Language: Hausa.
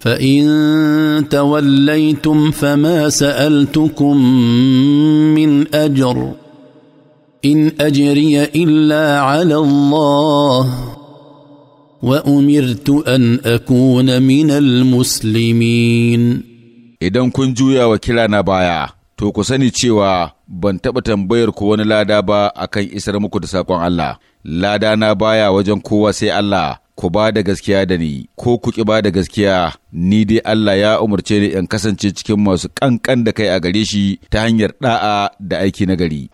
فان توليتم فما سالتكم من اجر ان اجري الا على الله وامرت ان اكون من المسلمين idan kun juya wa kira na baya to ku sani cewa ban taɓa tambayar ku wani lada ba akan isar muku da saƙon Allah lada na baya wajen kowa sai Allah ku ba da gaskiya da ni ko ku ki ba da gaskiya ni dai Allah ya umarce ni in kasance cikin masu ƙanƙan da kai a gare shi ta hanyar ɗa'a da aiki na gari.